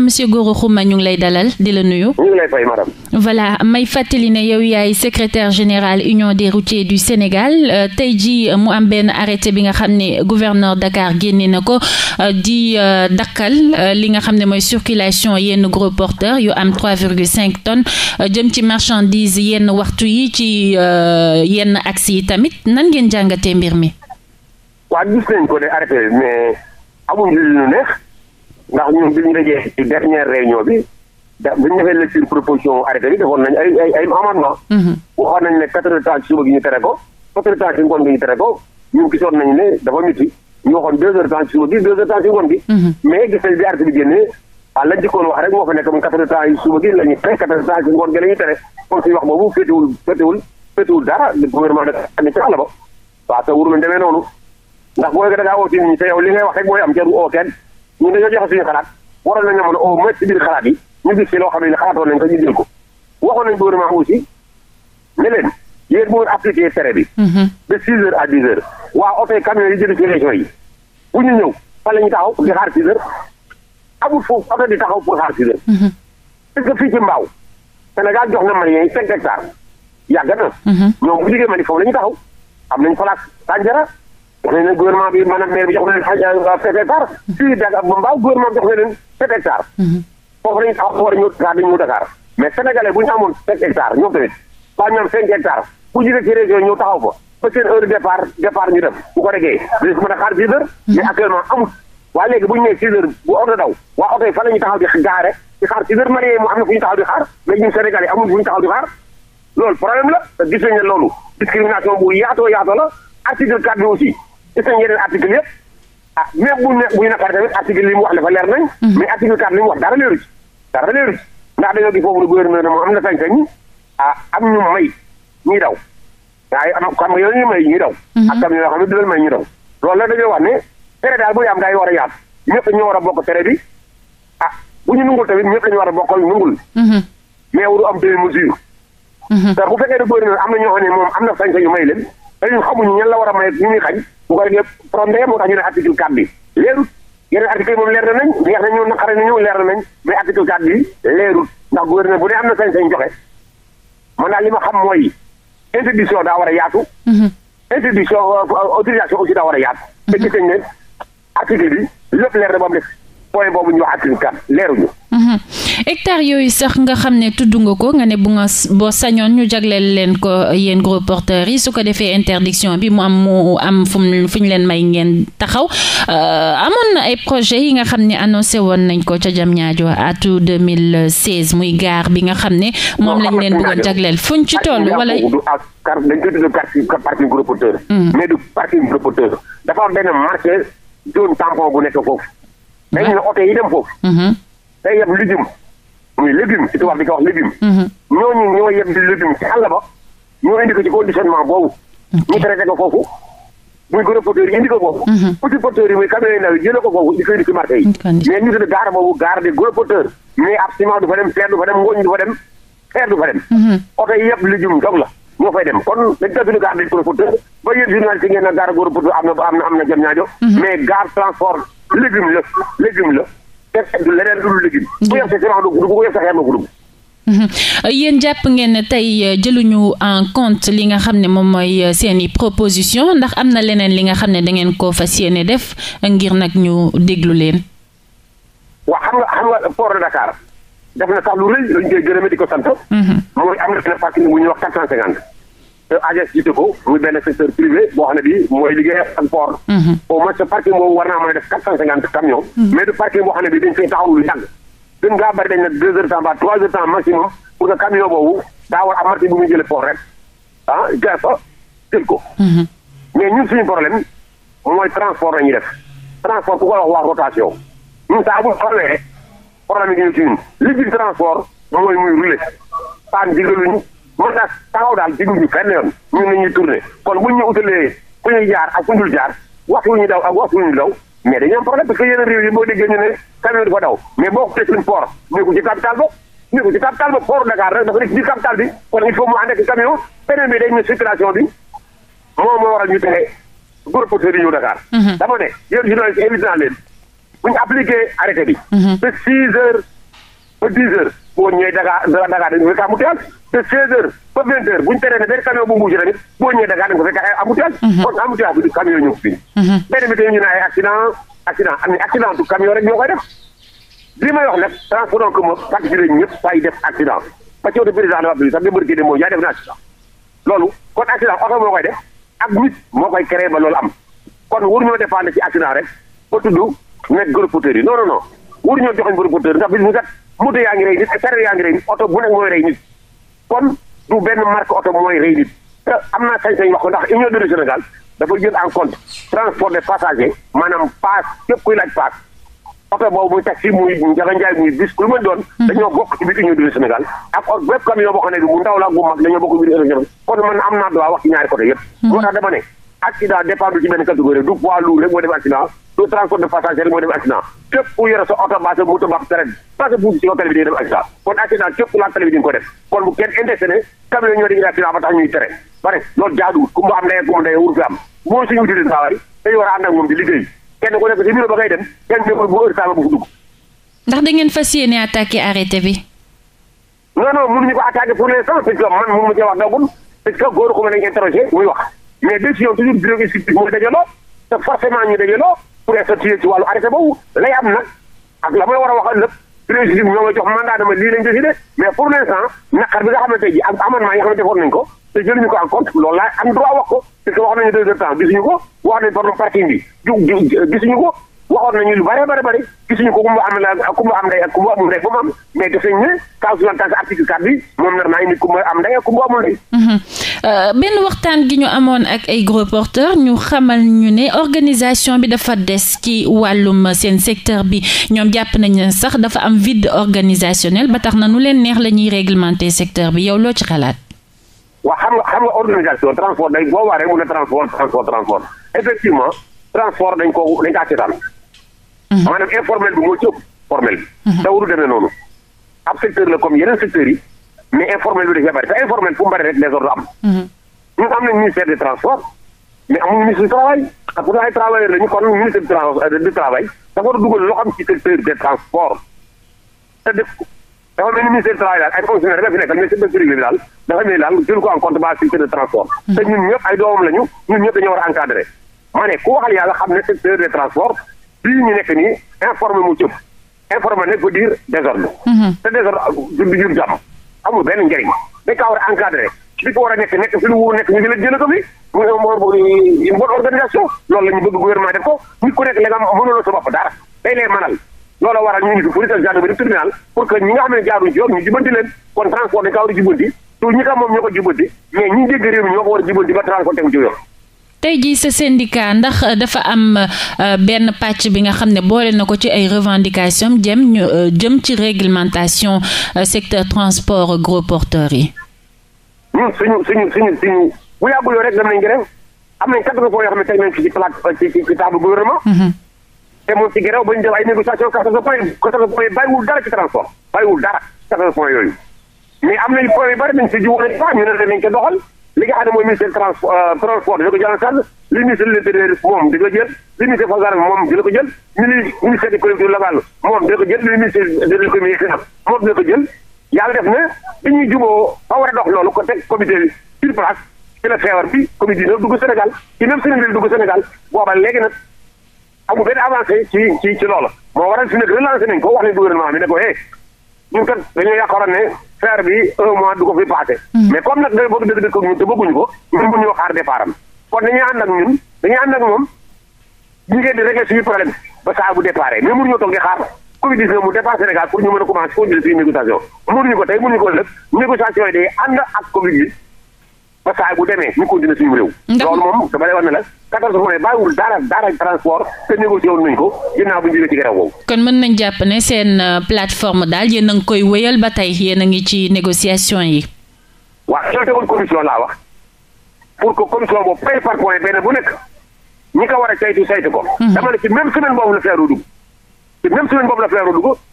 monsieur Gora Khouma ñu ngi lay dalal di la nuyu. ñu ngi lay fay madame. voilà may fàttali na yow yaay secrétaire général union de routiers du Sénégal euh, tey ji euh, mu am benn arrêté bi nga xam ne gouverneur Dakar génne na ko euh, di dakkal li nga xam ne mooy circulation yenn gros porteurs yu am 3,5 tonnes jëm ci marchandise yenn waxtu yi ci yenn axes yi tamit nan ngeen jàngatee mbir mi. waa gis nañ ko de arrêté ndax ñun bi ñu dajee ci dernière réunion bi da bu ñu defee lecture proposition arrêté bi nekk moom quatre te wóorul demee noonu ndax booy ko da ngaa woo ci te yow li ngay wax rek mooy am jarul oo kenn ñun dañoo joxe suñu xalaat waroon nañoo mën a au moins ci biir xalaat yi ñu gis ci loo xam ne xalaatoon nañ ko ñu jël ko waxoon nañ gouvernement aussi ne leen yéen bu ngeen appliqué tere bi. Mhm. de six heures à dix heures. waa oto camion yi jënd ci région yi bu ñu ñëw fan la ñu taxaw di xaar six heures amul foofu oto di taxaw pour xaar six heures. Mhm. est-ce fii ci Mbao Sénégal jox na Maliens yi cinq hectares yàgg na. Mhm. ñoom bu ñu jógee Mali foofu la ñu taxaw am nañ place dax ne gouvernement bi maanaam maire bi jox na leen a sept hectares fii Dakar Mbaye gouvernement bi jox mhm. bu ñu amoon sept hectares ñoom tamit ba ñu am cinq bu ñu ci région ñëw taxaw ba seen heure départ départ ñu dem bu ko a mhm. bu ñu nee six heures bu oto daw waa oto yi fa la ñu taxaw di gaare di xaar six heures malien mu am na fu ñu taxaw di xaar loolu problème la gis nañ ne loolu discrimination bu yaatoo yaatoo la article 4 bi aussi ci seen yeneen article yëpp ah même bu ñu bu ñu naqar tamit article yi mu wax dafa leer nañ. Mhm. mais article quatre li mu wax dara leeru ci dara leeru ci ndax dañoo gis foofu ne gouvernement moom am na sañ-sañ ah am ñu may ñuy daw waaye am xam nga yooyu ñu may ñuy daw. Mhm. ak kam yoo xam ne du leen may ñuy daw loolu la dañoo wax ne tere daal bu yaam daay war a yaatu ñëpp dañoo war a bokk tere bi ah bu ñu nungul tamit ñëpp dañu war a bokkal nungul. Mhm. mais waru am deux mesures. te bu fekkee ne gouvernement am na ñoo xam ne moom am na sañ-sañ yu may leen te ñun xamuñu ñan la war a may ñu ñuy xañ bu ko defee problème moo tax ñu ne article 4 bi leerut yeneen article moom leer na nañ neex na ñu naqare na leer na nañ mais article 4 bi leerut ndax gouverneur bu ne am na sañ-sañ joxe man daal li ma xam mooy interdiction daa war a yaatu. Mhm. interdiction euh, autorisation aussi daa war a yaatu. Mhm. te gis nañ ne article bi lépp leer na ba mu point boobu ñu wax article 4 leeruñu. Mhm. hectares yooyu sax nga xam ne tudd nga ko nga ne bu nga boo sañoon ñu jagleel leen ko yéen gros porteurs yi su ko defee interdiction bi mu am mu am fu mu ñu leen may ngeen taxaw euh, amoon na ay projet yi nga xam ne annoncé woon nañ ko ca jam Diamniadio atu 2016 muy gaar bi nga xam ne moom lañ leen bëggoon jagleel fuñ ci toll wala car dañ koy tudd parti parti gros porteur mm. mais du parti gros porteur dafa am benn marché bu nekk foofu day yeb légume muy légume ci tubaab bi ko wax légume mhm. ñooñu ñoo yeb di légume ci àll ba ñoo indi ko ci conditionnement boobu ñu traité ko foofu muy gën a porteur yi indi foofu mhm. muy camion yi ndaw yi jële ko foofu di ko indi yi mais ñu tudd gaar boobu gaar de gros porteur mais ab du fa dem fer du fa dem ngooñ du fa dem fer du fa dem mhm. oto yi yëpp légume dog la ñoo fay dem kon dañ koy bind gaar de gros porteur ba yéen journaliste ngeen na gaar gros porteur la te mhm. du mhm. jàpp ngeen na tey euh, jëluñu en compte li nga xam ne moom mooy euh, seen i proposition ndax am na leneen li nga xam ne dangeen koo fas yéene def ngir nag ñu déglu leen. waa xam nga xam nga port de Dakar def na sax lu rëy luñ koy gërëme di ko AGS jiite ko muy benn secteur privé boo xam ne bii mooy liggéey ak port. o mhm. moins sa parking boobu war naa mën a def quatre cent cinquante camions. Mhm. mais du parking boo xam ne bii dañ koy taxaw lu yàgg. gën ngaa bari dañ ne deux heures temps ba trois heures temps maximum pour que camion boobu daa war a amati bu muy jëlee port rek ah jaay ko. Mhm. mais ñun suñu problème mooy transport la ñuy def transport ku ko wax wax rotation ñun saa bu xoolee problème yi ñu mën naa taxaw daal digguñu fenn yoon ñun nañuy tourné kon buñ ñu utalee fu ñuy jaar ak fu ñul jaar wax wu ñu daw ak wax wu ñu daw mais dañu am problème parce que yeneen yi boo déggee ñu ne camion dafa daw mais boo ko tee suñ port nekkul ci capital ba nekkul ci capital ba port Dakar rek dafa nekk ci capital bi kon il faut mu ànd ak camion beneen bi day ñu circulation bi moom moo waral ñu tere gros porteurs yi ñëw Dakar mhm. dama ne yéen journaliste invité leen bu ñu te 16h ba 20h bu ñu teree ne benn camion bu mbuusi tamit boo ñëwee da ngaa dem ko fekk ay embouteillage. Mhm. ko embouteillage bi du camion ñëw fii. Mhm. benn bi tamit ñu ne ay accident accident am na accident du camion rek ñoo koy def li may wax nag transport en commun particulier ñëpp fay def accident parce que yow de président de la République sax nga bëri def na accident. loolu kon accident oto moo koy def ak nit moo koy créé ba kon waruñoo dépendre ci accident rek ba tudd nekk gros porteurs yi non non non waruñoo joxe gros kon du benn marque oto mooy rëy nit te am naa sañ wax ko ndax union du Sénégal dafa jël en compte transport des passagers maanaam paas képp kuy laaj paas oto boobu muy taxi muy njaga njaay muy bis lu mën doon mhm. dañoo bokk ci biir union du Sénégal ak or bépp camion boo xam ne bi bu ndaw la bu dañoo bokk ci biir union kon man am naa droit wax ci ñaari côté yëpp mhm. moo tax dama ne accident dépendre ci benn catégorie du poids lourd rek moo def accident du transport de passager rek moo def accident képp ku yore sa oto mbaa sa moto mbaa sa traite parce que bu ci kaw tali bi di nga def accident kon accident képp ku laal tali bi di nga ko def kon bu kenn intéressé ne camion ñoo di nga accident ba tax ñuy tere bare loolu jaaduwul ku mu am ndey ku mu ndey wur fi am moo suñu diri saawaay dañu war a ànd ak moom di liggéey kenn ku nekk si bureau ba ngay dem kenn nekkul bu heure saaba bu dugg ndax da ngeen fas yéene attaqué arrêté bi non non mënuñu ko attaqué pour l'instant parce que man mënu ma cee wax dagul parce que góor ko ma nañ interrogé muy wax mais décision toujours bureau exécutif mooy dajaloo te forcément ñu dajaloo pour effectuer ci wàllu arrêté boobu lay am na ak la may war a wax lépp bureau exécutif ñoo nga jox mandat dama lii lañ décidé mais pour l' instant naqar bi nga xamante ji ak amendement yi nga xamante defoon nañ ko te jëluñu ko en compte wax ko parce que wax nañu deux heures temps gisuñu ko wax nañu pardon parking bi ju gisuñu ko waxoon nañu lu bare bare bëri gisuñu ko ku mu am la ku am ndey ak ku ndey ba am mais ndey mhm. euh, benn waxtaan gi ñu amoon ak ay gros porteurs ñu xamal ñu ne organisation bi dafa des ci wàllum seen secteur bi ñoom jàpp nañ sax dafa am vide organisationnel ba tax na nu leen neex la ñuy réglementer secteur bi yow loo ci xalaat. waa xam nga xam nga organisation transport day boo waree mu ne transport transport transport effectivement transport dañ ko dañ kaa Mhm. maanaam informel bi moo ci ëpp formel bi mhm. dawru demee noonu ab secteur la comme yeneen secteurs yi mais informel bi dafay bari te informel fu mu bari rek désordre am mhm. ñun am nañ ministère des transports mais amul ministre du travail parce que ay euh, dafa war a dugal loo xam ci def dafa mel ni ministère du travail dafa fi nekkal mais secteur privé dafa mel ni daal jël en compte ba secteur de transport te ñun ñëpp ay doomam lañu ñun ñëpp dañoo war lii ñu nekk nii informé mu jëf informé nag veut dire désordre. Mhm. te désordre du du jur jàmm amul benn njëriñ dañ kaa war a war a nekk nekk fi lu wóor nekk ñu ngi leen jëlee fi mu ne moo une bonne organisation loolu la ñu bëgg gouvernement def ko nit ku nekk la nga mënuloo sa bopp dara day lay mënal. loolu waral ñu ngi fi police ak xam ne jaaruñ ci transport dañ kaa a jubanti te ñi ka moom ñoo ko jubanti mais ñi dégg réew ñoo ko war a jubanti ba tey jii sa syndicat ndax euh, dafa am euh, benn pàcc bi nga xam ne boole na ko ci ay revendication jëm euh, jëm ci réglementation secteur transport gros porteurs yi. ñun suñu suñu suñu suñu bu yàggul rek dem nañ grève am nañ quatre points ne tey nañ ci mm-hmm. te moom ci grève ba ay négociations quatre points quatre points yi bàyyiwul dara ci transport bàyyiwul dara quatre yooyu mais am nañ points yu bari nañ ci jiwoon nañ doxal. li nga xam ne mooy ministère euh, transport dina ko jël en charge li ministère moom dina ko jël li ministère forces moom dina ko jël yàlla def na bi ñuy juboo fa war a dox loolu ko teg comité bi sur place ci la feebar bi comité dina dugg Sénégal ci même Sénégal dugg Sénégal booba léegi nag amul benn avancé ci ci ci loolu moo waral fi nag relancé nañ ko wax ne gouvernement bi ne ko eh ñun kat dañoo yaakaaroon ne faire bi un du ko fi passé. Hmm. mais comme nag day bëgg dëgg dëgg ak ñun te bëgguñu ko ñun bu ñu xaar départ am dañuy ànd ak ñun dañuy ànd ak moom ñu di régler suñu problème ba saa bu départ mais mënuñoo toog di xaar Covid 19 mu départ Sénégal pour ñu mën a commencer continuer suñu négociation mënuñu ko tey mënuñu ko ëllëg négociation yi day ànd ak Covid ba saay bu demee ñu continuer suñu réew. loolu moom dama lay wax ne la quatorze mois bàyyiwul dara dara transport te négocié nañ ko ginnaaw bu ñu jógee ci garab boobu. kon mën nañ jàpp ne seen euh, plateforme daal yéen ngi koy wéyal ba tey yéen a ngi ci négociation yi. waaw ñoo tegoon commission laa wax pour que commission boobu point par point benn bu nekk ñi ko war a saytu saytu ko. Mhm. dama ne ci même semaine boobu la feeru dugg. te même semaine boobu la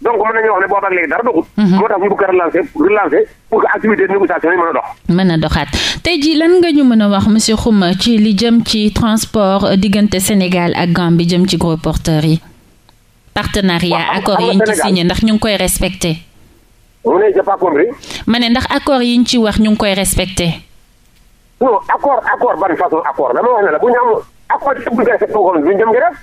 donc mën nañu wax ne boobaag léegi dara doxul. Mhm. moo tax ñu bëgg a pour que activité négociation yi mën a dox. mën a doxaat tey jii lan nga ñu mën a wax monsieur Xuma ci li jëm ci transport euh, diggante Sénégal ak gambi jëm ci gros porteurs yi. partenariat accord yi ñu ci signé ndax ñu ngi koy respecté. mu ma ne ndax accord yi ñu ci wax ñu ngi koy respecté. non accord accord ñu am accord yëpp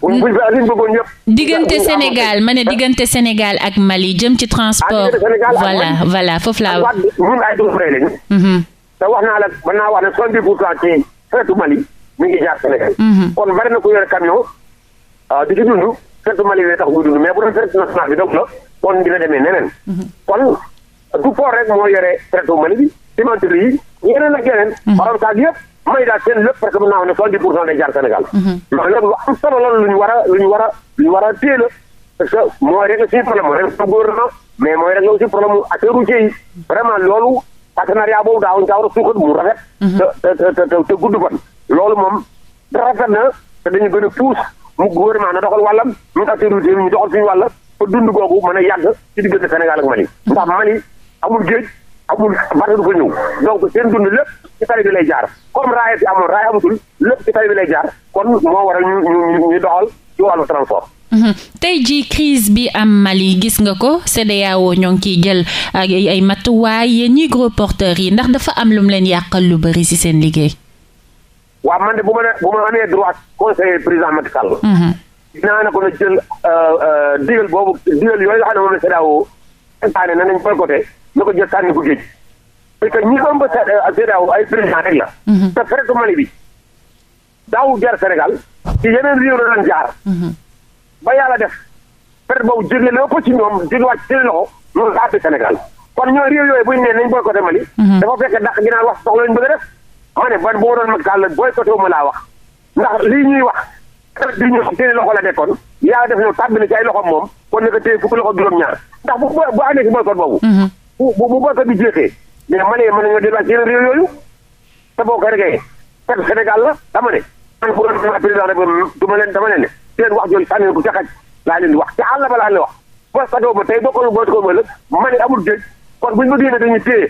buñ fi Aline bëggoon ñëpp. diggante Sénégal ma ne diggante Sénégal ak Mali jëm ci transport. voilà voilà foofu laa. ñun ay dugub rek lañu. Mhm. te wax naa la mën naa wax ne soixante-dix pour cent ci feetu Mali mi ngi jaar Sénégal. Mhm. kon bari na yore camion ah, di ci dund feetu Mali lay tax muy dund mais bu doon feetu national bi donc la kon dina demee neneen. Mhm. kon du port rek moo yore feetu Mali bi cimenterie yi yeneen ak yeneen. xorom saak may daal seen lépp parce que mën naa wax ne soixante-dix pour cent day jaar Sénégal. ndax loolu lu am solo lu ñu war a lu ñu a a téye la parce que mooy rek suñu problème mooy rek suñu gouvernement mais mooy rek aussi problème mu acteurs routiers yi vraiment loolu partenariat boobu daawuñu daa war a suuxat mu rafet. te te te te gudd fan. loolu moom rafet na te dañu gën a puus mu gouvernement na doxal wàllam ñun acteurs routiers yi ñu doxal suñu wàll ba dund googu mën a yàgg ci amul marché du fa ñëw donc seen dund lépp ci tali bi lay jaar comme raaya bi amoon raaya amatul lépp ci tali bi lay jaar kon moo waral ñu ñu ñu doxal ci wàllu transport. Mhm. tey jii crise bi am Mali gis nga ko CEDEAO ñoo ngi ciy jël ay matuwaay yéen ñii gros porteurs yi ndax dafa am lu mu leen yàqal lu bari ci seen liggéey. waaw man de bu ma nee bu ma amee droit conseiller président Macky Sall. Mhm. dinaa ne ko na jël euh, euh, digal boobu digal yooyu nga ne moom la CEDEAO. na ñu ko jël sànni ko géej parce que ñi ëmb CEDEAO euh, ay président rek la mhm. te fekk Mali bi yeneen réew la doon jaar mhm. ba def perte boobu jóge la ëpp ci ñoom di wàcc ci loxo loolu daa bi Sénégal ñoo réew yooyu bu ñu nee nañ boycotté Mali mhm. dafa fekk ndax ginnaaw wax soxla a def ma ne ban boo doon mag ma laa wax ndax lii ñuy wax di ñu seen loxo la nekkoon yàlla def na tàbbi na ci ay loxo moom kon naka téye fukki loxo juróom ñaar ndax bu bu àndee ci boobu bu bu bu boosa bi jeexee mais Mali yi mën nañoo delluwaat ci yooyu te boo ko régee perte Sénégal la dama ne man bu doon ma ma leen dama leen ne seen wax jooju sànni ko ca xaj laa leen wax ca àll ba laa leen wax boo sagoo ma tey bokkul bokkul ma lëg ma ne amul géej kon buñu ma génnee dañuy téye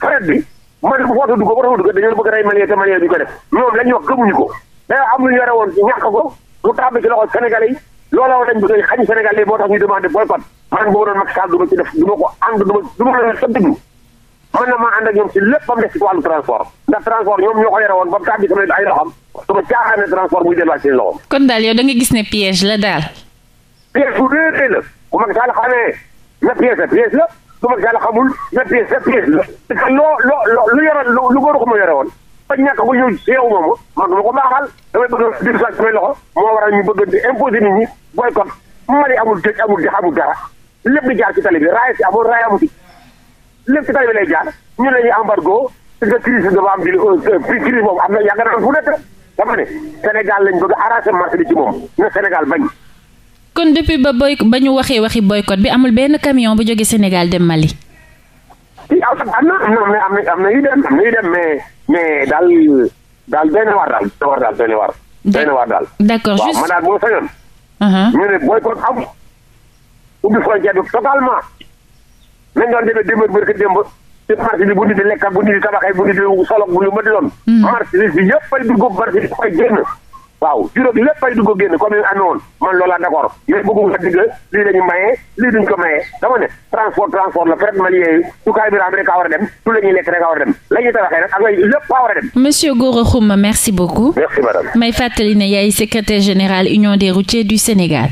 traite bi ma ne bu foota dugg ba foota dugg dañoo bëgg rey Mali te bi ko def ñoom la ñuy wax gëmuñu ko day am lu ñu yore woon ñàkk ko mu tàbbi ci loxo Sénégalais yi looloo lañ bëgg xañ Sénégal yi moo tax ñu demandé boycott man boo doon Macky Sall du ma ci def du ma ko ànd la sa déglu mën na maa ànd ñoom si lépp ba des si transport ndax transport ñoom ñoo ko yore ba mu tàbbi sama ay loxam su ma caaxaane transport muy delluwaat seen kon daal yow da nga gis ne piège la daal piège bu réerée la bu Macky Sall xamee a piège la piège la bu Macky Sall na piège la lu lu góoru ko ma yore woon fa ñàkk ko ñëw si yow moomu man ma ko baaxal damay bëgg a dir sax samay loxo moo waral ñu bëgg di imposer nit ñi boycott Mali amul amul dex amul dara ñu ne ñu embargo parce que crise dafa am di euh, euh, crise boobu am na yàgg na fu nekk dama ne Sénégal lañ bëgg arranger marché bi ci moom na Sénégal bañ. kon depuis ba boy ba ñu waxee waxi boycott bi amul benn camion bu jógee Sénégal dem Mali. si am na am na am na yu dem am na yu dem mais mais daal daal doy na waar daal doy na waar daal doy na waar. doy na waar daal. d'accord juste waaw man daal boo sañoon. Uh-huh. ñu ne boycott am ubbi frontière bi totalement. nañ doon demee démb bërki démb ci marché bi di lekk bu di tabaxee bu nit di solok bu ñu mën di doon. Hmm. marché bi yëpp fay dugg marché bi fay waaw juróom lépp ay dugg génn comme ni amee woon man loolaa d'accord mais bëgguma digg lii la ñu mayee lii duñ ko mayee dama ne transport transport la peut-être malien yi tukaay bi raam rek a war a dem tout la ñuy lekk rek a war a dem la ñuy tabaxee nag ak lépp a war a dem. monsieur Gora Khouma merci beaucoup. merci madame. may fàttali ne yaay secrétaire général Union des routiers du Sénégal.